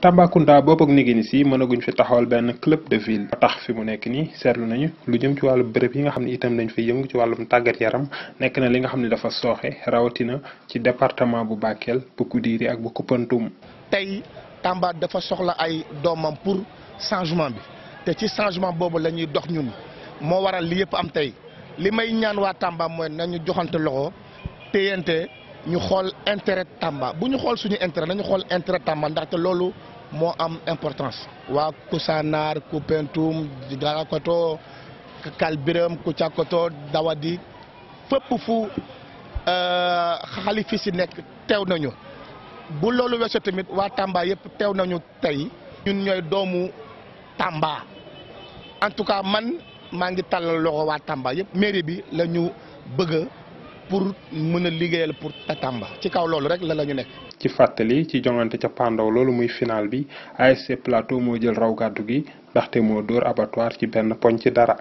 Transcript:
Tambacounda Bobo ak nigéeni si mënaguñ fi taxawal ben club de ville ba tax fi mu nekk nii seetlu nañu lu jëm ci wàllu béréb yi nga xam ne itam dañ fay yëngu ci yaram na li nga dafa rawatina ci département bu Bakel bu kudiri ak bu Koupantoum. tey Tamba dafa soxla ay doomam pour changement bi te ci changement boobu la dox ñun mo waral li yëpp am tey li may ñaan waa Tamba mooy nañu joxante loxo ñu xol intérêt Tamba bu ñu xool suñu intérêt nañu xol intérêt Tamba té lolu mo am importance waa Koussanar kal biram Kalbiram Koucakoto Dawadi fepp fu khalifi euh, ci nek tew nañu bu lolu weesoo tamit wa Tamba yep tew nañu tay ñun ñoy doomu Tamba en tout cas man ma ngi talal loxo wa Tamba yep mairie bi lañu bëgg pour mën a liggéeyal pour Tamba ci kaw loolu rek la la ñu nekk. ci fàttali ci joŋante ca Pandaw loolu muy final bi ASC Plateau moo jël raw gàddu gi ndaxte moo dóor abattoir ci benn poñ ci dara.